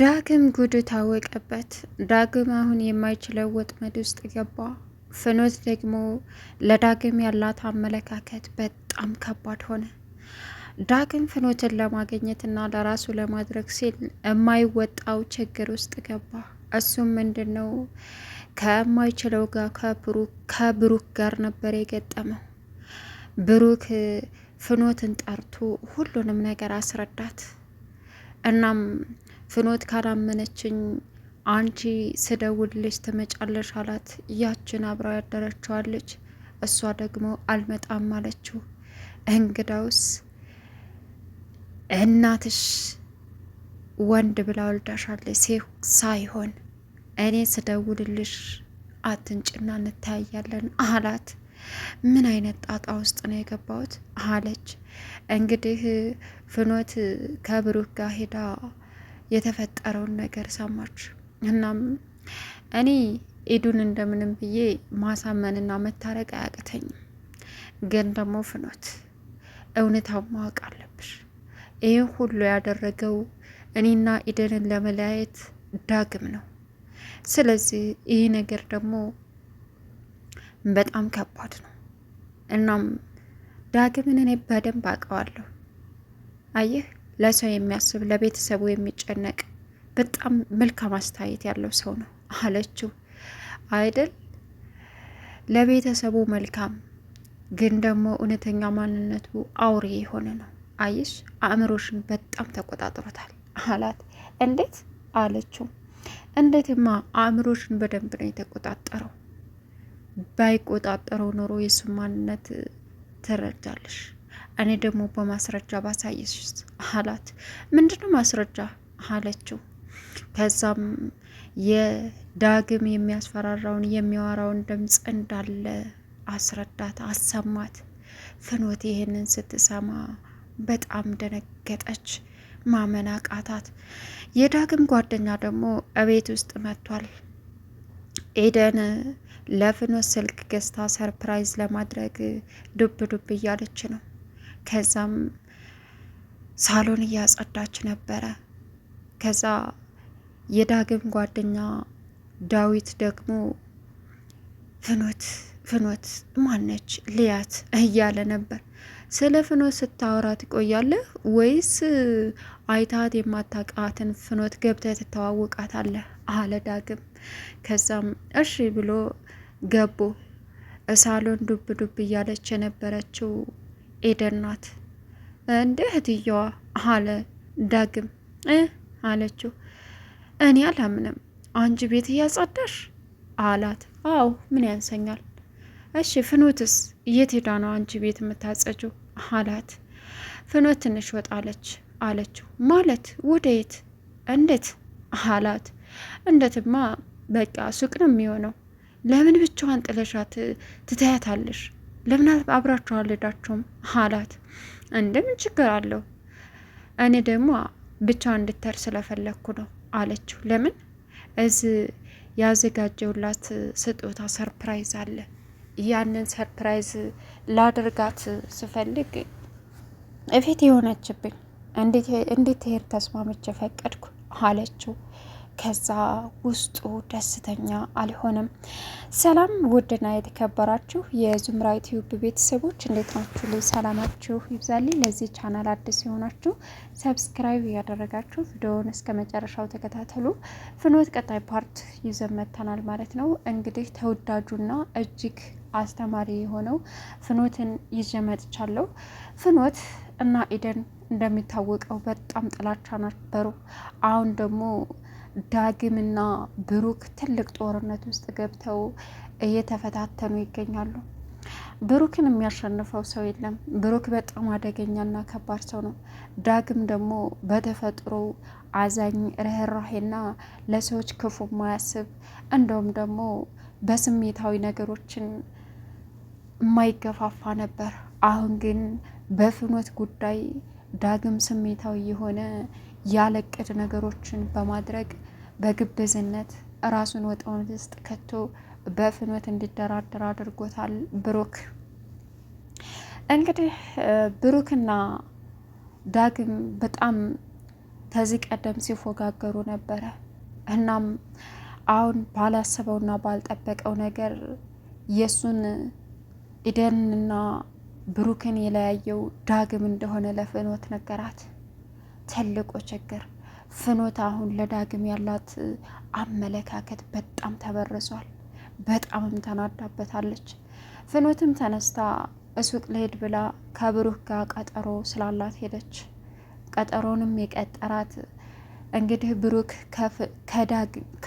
ዳግም ጉድ ታወቀበት። ዳግም አሁን የማይችለው ወጥመድ ውስጥ ገባ። ፍኖት ደግሞ ለዳግም ያላት አመለካከት በጣም ከባድ ሆነ። ዳግም ፍኖትን ለማግኘትና ለራሱ ለማድረግ ሲል የማይወጣው ችግር ውስጥ ገባ። እሱም ምንድን ነው? ከማይችለው ጋር ከብሩክ ጋር ነበር የገጠመው። ብሩክ ፍኖትን ጠርቶ ሁሉንም ነገር አስረዳት። እናም ፍኖት ካላመነችኝ አንቺ ስደውልልሽ ትመጫለሽ አላት። ያችን አብራ ያደረችዋለች። እሷ ደግሞ አልመጣም አለችው። እንግዳውስ እናትሽ ወንድ ብላ ወልዳሻለች ሳይሆን እኔ ስደውልልሽ አትንጭና እንታያለን አላት። ምን አይነት ጣጣ ውስጥ ነው የገባሁት አለች። እንግዲህ ፍኖት ከብሩክ ጋር ሄዳ የተፈጠረውን ነገር ሰማች። እናም እኔ ኢዱን እንደምንም ብዬ ማሳመንና መታረቅ አያቅተኝም፣ ግን ደግሞ ፍኖት እውነታው ማወቅ አለብሽ። ይህ ሁሉ ያደረገው እኔና ኢደንን ለመለያየት ዳግም ነው። ስለዚህ ይህ ነገር ደግሞ በጣም ከባድ ነው። እናም ዳግምን እኔ በደንብ አውቀዋለሁ። አየህ ለሰው የሚያስብ ለቤተሰቡ የሚጨነቅ በጣም መልካም አስተያየት ያለው ሰው ነው አለችው። አይደል ለቤተሰቡ መልካም ግን ደግሞ እውነተኛ ማንነቱ አውሬ የሆነ ነው። አይሽ አእምሮሽን በጣም ተቆጣጥሮታል አላት። እንዴት አለችው። እንዴትማ አእምሮሽን በደንብ ነው የተቆጣጠረው። ባይቆጣጠረው ኖሮ የሱ ማንነት ትረዳለሽ እኔ ደግሞ በማስረጃ ባሳየሽ አላት። ምንድነው ማስረጃ አለችው። ከዛም የዳግም የሚያስፈራራውን የሚያወራውን ድምፅ እንዳለ አስረዳት፣ አሰማት። ፍኖት ይህንን ስትሰማ በጣም ደነገጠች፣ ማመን አቃታት። የዳግም ጓደኛ ደግሞ እቤት ውስጥ መጥቷል። ኤደን ለፍኖት ስልክ ገዝታ ሰርፕራይዝ ለማድረግ ዱብ ዱብ እያለች ነው። ከዛም ሳሎን እያጸዳች ነበረ። ከዛ የዳግም ጓደኛ ዳዊት ደግሞ ፍኖት ፍኖት ማነች ልያት እያለ ነበር። ስለ ፍኖት ስታወራ ትቆያለህ ወይስ አይታት የማታውቃትን ፍኖት ገብተህ ትተዋወቃታለህ? አለ ዳግም። ከዛም እሺ ብሎ ገቡ። ሳሎን ዱብ ዱብ እያለች የነበረችው ኤደን ናት። እንደ እህትየዋ አለ ዳግም አለችው። እኔ አላምንም። አንቺ ቤት እያጸዳሽ አላት። አዎ ምን ያንሰኛል? እሺ ፍኖትስ የት ሄዳ ነው አንቺ ቤት የምታጸጂው አላት። ፍኖት ትንሽ ወጣለች አለችው። ማለት ወደ የት እንዴት አላት። እንደትማ በቃ ሱቅ ነው የሚሆነው። ለምን ብቻዋን ጥለሻት ትተያታለሽ? ለምን አብራችሁ አልሄዳችሁም አላት። እንደምን ችግር አለው እኔ ደግሞ ብቻ እንድተር ስለፈለግኩ ነው አለችው። ለምን እዚህ ያዘጋጀውላት ስጦታ ሰርፕራይዝ አለ። ያንን ሰርፕራይዝ ላድርጋት ስፈልግ እፊት የሆነችብኝ እንዴት ሄድ ተስማምቼ ፈቀድኩ አለችው። ከዛ ውስጡ ደስተኛ አልሆነም። ሰላም ውድና የተከበራችሁ የዙምራ ዩቲዩብ ቤተሰቦች እንዴት ናችሁ? ላይ ሰላማችሁ ይብዛል። ለዚህ ቻናል አዲስ የሆናችሁ ሰብስክራይብ እያደረጋችሁ ቪዲዮውን እስከ መጨረሻው ተከታተሉ። ፍኖት ቀጣይ ፓርት ይዘን መጥተናል ማለት ነው። እንግዲህ ተወዳጁና እጅግ አስተማሪ የሆነው ፍኖትን ይዤ መጥቻለሁ። ፍኖት እና ኢደን እንደሚታወቀው በጣም ጥላቻ ነበሩ። አሁን ደግሞ ዳግምና ብሩክ ትልቅ ጦርነት ውስጥ ገብተው እየተፈታተኑ ይገኛሉ። ብሩክን የሚያሸንፈው ሰው የለም። ብሩክ በጣም አደገኛና ከባድ ሰው ነው። ዳግም ደግሞ በተፈጥሮ አዛኝ፣ ርኅራሄና ለሰዎች ክፉ ማያስብ እንደውም ደግሞ በስሜታዊ ነገሮችን የማይገፋፋ ነበር። አሁን ግን በፍኖት ጉዳይ ዳግም ስሜታዊ የሆነ ያለቅድ ነገሮችን በማድረግ በግብዝነት ራሱን ወጠውን ውስጥ ከቶ በፍኖት እንዲደራደር አድርጎታል። ብሩክ እንግዲህ ብሩክና ዳግም በጣም ከዚህ ቀደም ሲፎጋገሩ ነበረ። እናም አሁን ባላሰበውና ባልጠበቀው ነገር የእሱን ኢደንና ብሩክን የለያየው ዳግም እንደሆነ ለፍኖት ነገራት። ትልቁ ችግር ፍኖት አሁን ለዳግም ያላት አመለካከት በጣም ተበርሷል። በጣምም ተናዳበታለች። ፍኖትም ተነስታ እሱቅ ልሄድ ብላ ከብሩህ ጋር ቀጠሮ ስላላት ሄደች። ቀጠሮንም የቀጠራት እንግዲህ ብሩክ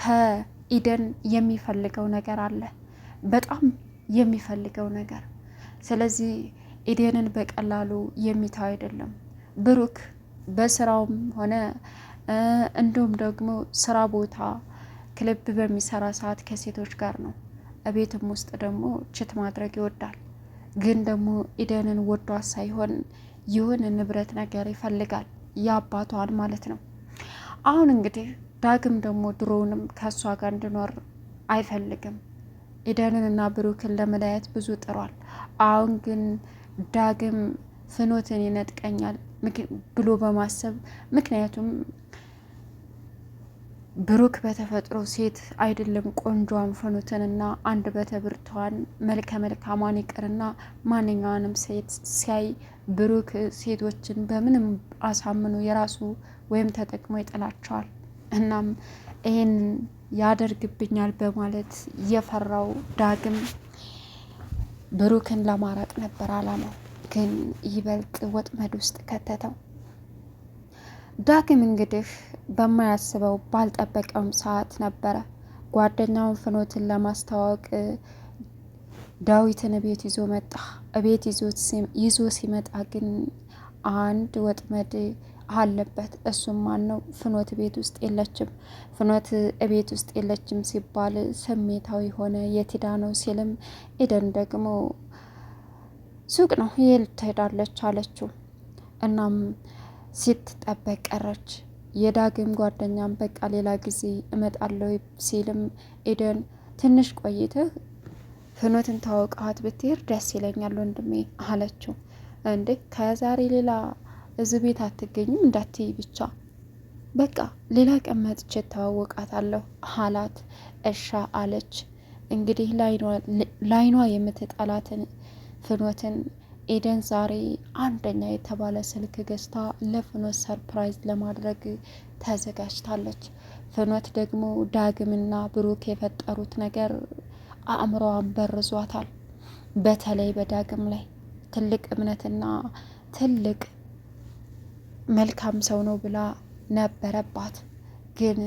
ከኢደን የሚፈልገው ነገር አለ፣ በጣም የሚፈልገው ነገር። ስለዚህ ኢደንን በቀላሉ የሚታው አይደለም ብሩክ በስራውም ሆነ እንዲሁም ደግሞ ስራ ቦታ ክለብ በሚሰራ ሰዓት ከሴቶች ጋር ነው። እቤትም ውስጥ ደግሞ ችት ማድረግ ይወዳል። ግን ደግሞ ኢደንን ወዷት ሳይሆን ይሁን ንብረት ነገር ይፈልጋል የአባቷን ማለት ነው። አሁን እንግዲህ ዳግም ደግሞ ድሮውንም ከእሷ ጋር እንዲኖር አይፈልግም። ኢደንን እና ብሩክን ለመለያየት ብዙ ጥሯል። አሁን ግን ዳግም ፍኖትን ይነጥቀኛል ብሎ በማሰብ ምክንያቱም ብሩክ በተፈጥሮ ሴት አይደለም ቆንጆን ፍኑትንና አንድ በተብርቷን መልከ መልካሟን ይቅርና ማንኛውንም ሴት ሲያይ ብሩክ ሴቶችን በምንም አሳምኖ የራሱ ወይም ተጠቅሞ ይጥላቸዋል። እናም ይህን ያደርግብኛል በማለት የፈራው ዳግም ብሩክን ለማራቅ ነበር አላማው። ግን ይበልጥ ወጥመድ ውስጥ ከተተው። ዳግም እንግዲህ በማያስበው ባልጠበቀውም ሰዓት ነበረ ጓደኛውን ፍኖትን ለማስተዋወቅ ዳዊትን እቤት ይዞ መጣ። እቤት ይዞ ሲመጣ ግን አንድ ወጥመድ አለበት። እሱም ማን ነው? ፍኖት ቤት ውስጥ የለችም። ፍኖት ቤት ውስጥ የለችም ሲባል ስሜታዊ ሆነ። የቲዳ ነው ሲልም ኢደን ደግሞ ሱቅ ነው ይሄ ልትሄዳለች አለችው። እናም ስትጠበቅ ቀረች። የዳግም ጓደኛም በቃ ሌላ ጊዜ እመጣለሁ ሲልም ኤደን ትንሽ ቆይተህ ፍኖትን ታወቃት ብትሄድ ደስ ይለኛል ወንድሜ አለችው። እንዴ ከዛሬ ሌላ እዚህ ቤት አትገኝም እንዳትይ ብቻ በቃ ሌላ ቀን መጥቼ ተዋወቃታለሁ አላት። እሻ አለች። እንግዲህ ላይኗ የምትጠላትን ፍኖትን ኤደን ዛሬ አንደኛ የተባለ ስልክ ገዝታ ለፍኖት ሰርፕራይዝ ለማድረግ ተዘጋጅታለች። ፍኖት ደግሞ ዳግምና ብሩክ የፈጠሩት ነገር አእምሮዋን በርዟታል። በተለይ በዳግም ላይ ትልቅ እምነትና ትልቅ መልካም ሰው ነው ብላ ነበረባት። ግን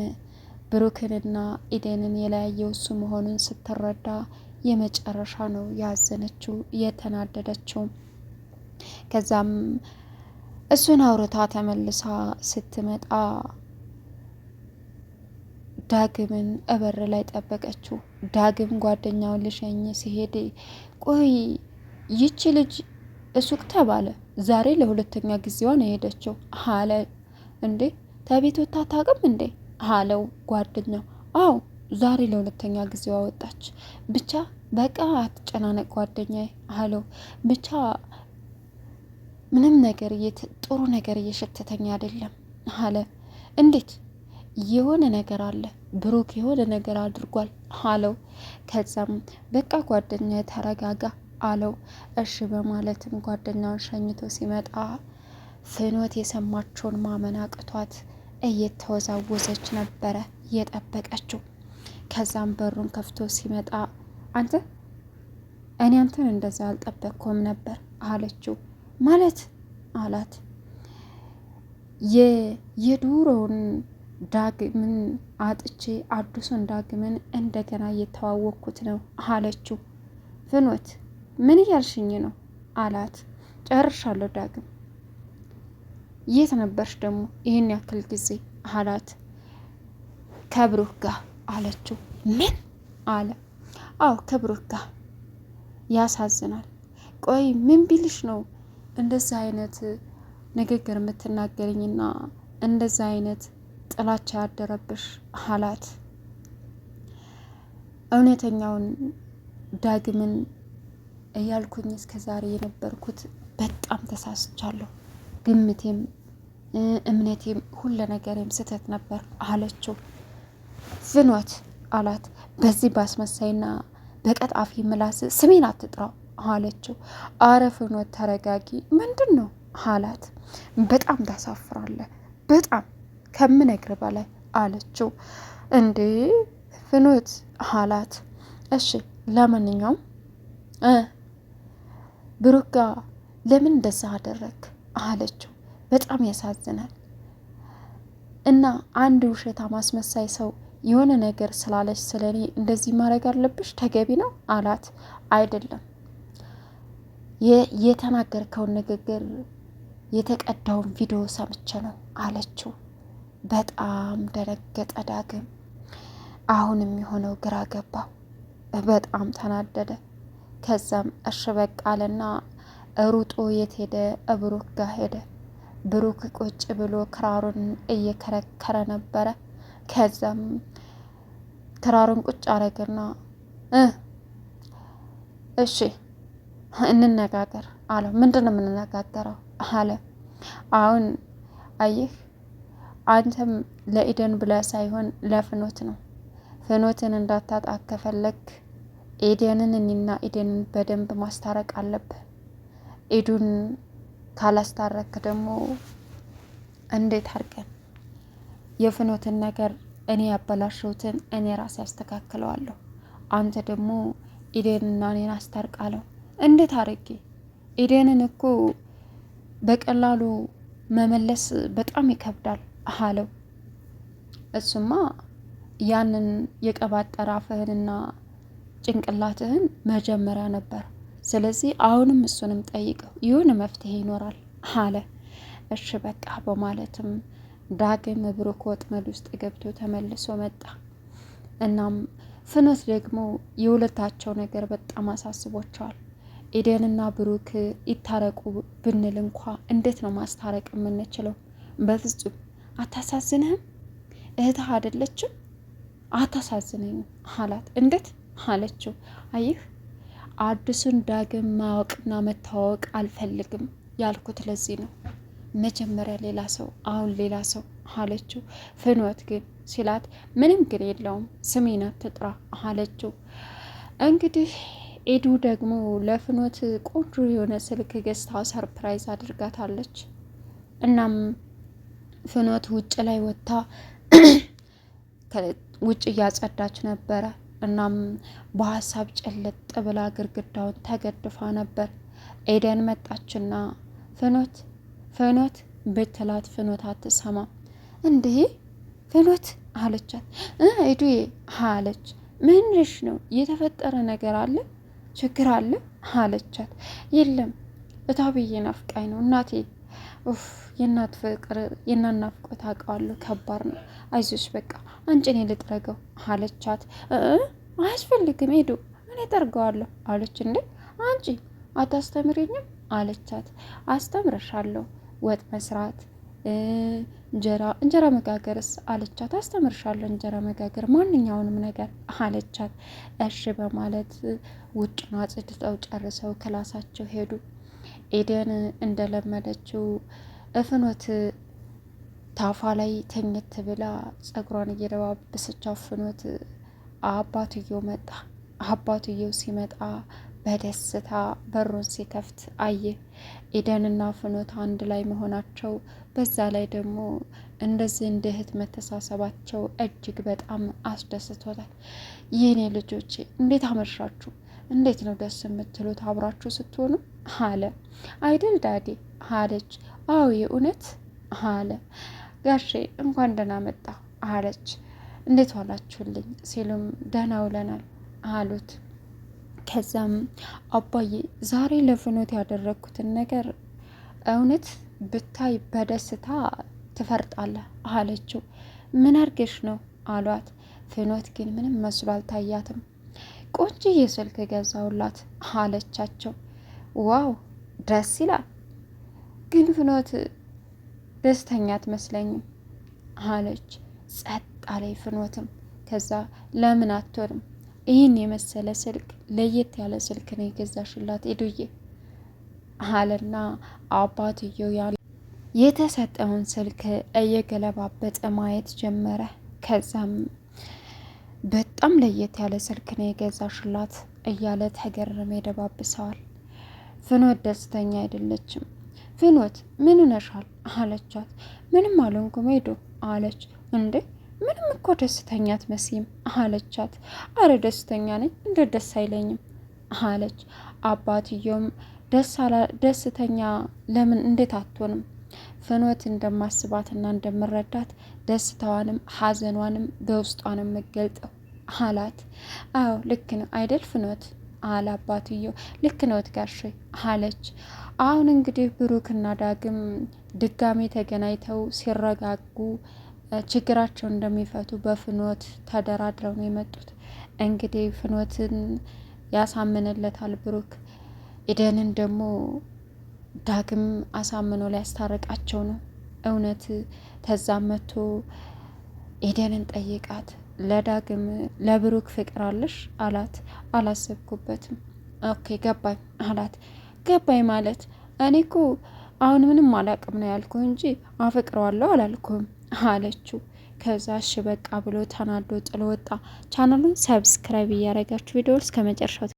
ብሩክንና ኢደንን የለያየው እሱ መሆኑን ስትረዳ የመጨረሻ ነው ያዘነችው የተናደደችው። ከዛም እሱን አውርታ ተመልሳ ስትመጣ ዳግምን እበር ላይ ጠበቀችው። ዳግም ጓደኛውን ልሸኝ ሲሄድ ቆይ ይቺ ልጅ እሱቅ ተባለ ዛሬ ለሁለተኛ ጊዜዋ ነው የሄደችው አለ። እንዴ ተቤት ወታ ታቅም እንዴ አለው ጓደኛው። አዎ ዛሬ ለሁለተኛ ጊዜው አወጣች ብቻ በቃ አትጨናነቅ ጓደኛ አለው። ብቻ ምንም ነገር ጥሩ ነገር እየሸተተኝ አይደለም አለ። እንዴት? የሆነ ነገር አለ ብሩክ የሆነ ነገር አድርጓል አለው። ከዛም በቃ ጓደኛ ተረጋጋ አለው። እሺ በማለትም ጓደኛውን ሸኝቶ ሲመጣ ፍኖት የሰማችውን ማመን አቅቷት እየተወዛወዘች ነበረ እየጠበቀችው። ከዛም በሩን ከፍቶ ሲመጣ አንተ እኔ አንተን እንደዛ አልጠበቅኩም ነበር አለችው። ማለት አላት የድሮውን ዳግምን አጥቼ አዲሱን ዳግምን እንደገና እየተዋወቅኩት ነው አለችው። ፍኖት ምን እያልሽኝ ነው አላት። ጨርሻለሁ ዳግም የት ነበርሽ ደግሞ ይህን ያክል ጊዜ አላት። ከብሩህ ጋር አለችው። ምን አለ? አዎ ከብሩክ ጋር ያሳዝናል። ቆይ ምን ቢልሽ ነው እንደዛ አይነት ንግግር የምትናገርኝና እንደዛ አይነት ጥላቻ ያደረብሽ አላት። እውነተኛውን ዳግምን እያልኩኝ እስከ ዛሬ የነበርኩት በጣም ተሳስቻለሁ። ግምቴም፣ እምነቴም ሁለ ነገሬም ስህተት ነበር አለችው። ፍኖት አላት። በዚህ በአስመሳይና በቀጣፊ ምላስ ስሜን አትጥራው አለችው። አረ ፍኖት ተረጋጊ፣ ምንድን ነው አላት። በጣም ታሳፍራለህ፣ በጣም ከምነግር በላይ አለችው። እንዴ ፍኖት አላት። እሺ ለማንኛውም ብሩክ ጋ ለምን እንደዛ አደረግ አለችው። በጣም ያሳዝናል እና አንድ ውሸታ ማስመሳይ ሰው የሆነ ነገር ስላለች ስለ እኔ እንደዚህ ማድረግ አለብሽ ተገቢ ነው አላት። አይደለም የተናገርከውን ንግግር የተቀዳውን ቪዲዮ ሰምቼ ነው አለችው። በጣም ደነገጠ ዳግም። አሁን የሚሆነው ግራ ገባው። በጣም ተናደደ። ከዛም እሽ በቃልና ሩጦ የት ሄደ? ብሩክ ጋር ሄደ። ብሩክ ቁጭ ብሎ ክራሩን እየከረከረ ነበረ። ከዛም ተራሩን ቁጭ አረገና እሺ እንነጋገር አለው። ምንድን ነው የምንነጋገረው አለ። አሁን አየህ አንተም ለኢደን ብለ ሳይሆን ለፍኖት ነው። ፍኖትን እንዳታጣ ከፈለግ ኢደንን እኔና ኢደንን በደንብ ማስታረቅ አለብህ። ኢዱን ካላስታረክ ደግሞ እንዴት አድርገን የፍኖትን ነገር እኔ ያበላሸሁትን እኔ ራሴ ያስተካክለዋለሁ። አንተ ደግሞ ኢዴንና እኔን አስታርቃለሁ። እንዴት አርጌ? ኢዴንን እኮ በቀላሉ መመለስ በጣም ይከብዳል አለው። እሱማ ያንን የቀባጠረ አፍህንና ጭንቅላትህን መጀመሪያ ነበር። ስለዚህ አሁንም እሱንም ጠይቀው ይሁን መፍትሄ ይኖራል አለ። እሺ በቃ በማለትም ዳግም ብሩክ ወጥመድ ውስጥ ገብቶ ተመልሶ መጣ። እናም ፍኖት ደግሞ የሁለታቸው ነገር በጣም አሳስቦቸዋል። ኤደንና ብሩክ ይታረቁ ብንል እንኳ እንዴት ነው ማስታረቅ የምንችለው? በፍጹም አታሳዝንህም? እህትህ አይደለችም? አታሳዝነኝም አላት። እንዴት አለችው። አይህ አዲሱን ዳግም ማወቅና መታወቅ አልፈልግም ያልኩት ለዚህ ነው። መጀመሪያ ሌላ ሰው፣ አሁን ሌላ ሰው አለችው። ፍኖት ግን ሲላት ምንም ግን የለውም ስሜን አትጥራ አለችው። እንግዲህ ኤዱ ደግሞ ለፍኖት ቆንጆ የሆነ ስልክ ገዝታ ሰርፕራይዝ አድርጋታለች። እናም ፍኖት ውጭ ላይ ወጥታ ውጭ እያጸዳች ነበረ። እናም በሀሳብ ጨለጥ ብላ ግርግዳውን ተገድፋ ነበር። ኤደን መጣችና ፍኖት ፍኖት ብትላት ፍኖት አትሰማም እንዴ ፍኖት አለቻት። ኤዱዬ አለች። ምንሽ ነው የተፈጠረ ነገር አለ? ችግር አለ አለቻት። የለም እታብዬ ናፍቃኝ ነው እናቴ። ኡፍ የእናት ፍቅር የእናት ናፍቆት አውቀዋለሁ፣ ከባድ ነው። አይዞሽ በቃ አንቺ እኔ ልጥረገው አለቻት። አያስፈልግም ሄዱ እኔ ጠርገዋለሁ አለች። እንዴ አንቺ አታስተምሪኝም አለቻት። አስተምረሻለሁ ወጥ መስራት እንጀራ እንጀራ መጋገርስ አለቻት። አስተምርሻለሁ እንጀራ መጋገር ማንኛውንም ነገር አለቻት። እሺ በማለት ውጭና ጽድተው ጨርሰው ክላሳቸው ሄዱ። ኤደን እንደለመደችው እፍኖት ታፋ ላይ ተኝት ብላ ጸጉሯን እየደባበሰች ፍኖት አባትየው መጣ። አባትየው ሲመጣ በደስታ በሩን ሲከፍት አየ። ኢደንና ፍኖት አንድ ላይ መሆናቸው በዛ ላይ ደግሞ እንደዚህ እንደ እህት መተሳሰባቸው እጅግ በጣም አስደስቶታል። የኔ ልጆች እንዴት አመሻችሁ? እንዴት ነው ደስ የምትሉት አብራችሁ ስትሆኑ አለ። አይደል ዳዴ አለች። አዎ የእውነት አለ። ጋሼ እንኳን ደህና መጣ አለች። እንዴት ዋላችሁልኝ ሲሉም ደህና ውለናል አሉት። ከዛም አባዬ ዛሬ ለፍኖት ያደረግኩትን ነገር እውነት ብታይ በደስታ ትፈርጣለህ አለችው። ምን አርገሽ ነው አሏት። ፍኖት ግን ምንም መስሎ አልታያትም። ቆንጅዬ ስልክ ገዛውላት አለቻቸው። ዋው ደስ ይላል፣ ግን ፍኖት ደስተኛ አትመስለኝም አለች። ጸጥ አለይ ፍኖትም። ከዛ ለምን አትሆንም ይህን የመሰለ ስልክ ለየት ያለ ስልክ ነው የገዛሽላት ኤዱዬ አለና አባትየው ያ የተሰጠውን ስልክ እየገለባበጠ ማየት ጀመረ። ከዛም በጣም ለየት ያለ ስልክ ነው የገዛሽላት እያለ ተገረመ፣ ይደባብሰዋል። ፍኖት ደስተኛ አይደለችም። ፍኖት ምን ነሻል አለቻት። ምንም አልሆንኩም ሄዱ አለች። እንዴ ምንም እኮ ደስተኛ አትመስይም አለቻት። አረ ደስተኛ ነኝ፣ እንዴት ደስ አይለኝም አለች። አባትየውም ደስተኛ ለምን እንዴት አትሆንም? ፍኖት እንደማስባትና እንደምረዳት ደስታዋንም ሀዘኗንም በውስጧንም የምገልጠው አላት። አዎ ልክ ነው አይደል ፍኖት አለ አባትየው። ልክ ነው ጋሼ አለች። አሁን እንግዲህ ብሩክና ዳግም ድጋሜ ተገናኝተው ሲረጋጉ ችግራቸውን እንደሚፈቱ በፍኖት ተደራድረው ነው የመጡት። እንግዲህ ፍኖትን ያሳምንለታል ብሩክ። ኢደንን ደግሞ ዳግም አሳምኖ ሊያስታርቃቸው ነው። እውነት ተዛ መቶ ኢደንን ጠይቃት ለዳግም ለብሩክ ፍቅር አለሽ አላት። አላሰብኩበትም። ኦኬ ገባኝ አላት። ገባኝ ማለት እኔ እኮ አሁን ምንም አላቅም ነው ያልኩ እንጂ አፈቅረዋለሁ አላልኩም። አለችው። ከዛ እሺ በቃ ብሎ ተናዶ ጥሎ ወጣ። ቻናሉን ሰብስክራይብ እያደረጋችሁ ቪዲዮ እስከ መጨረሻው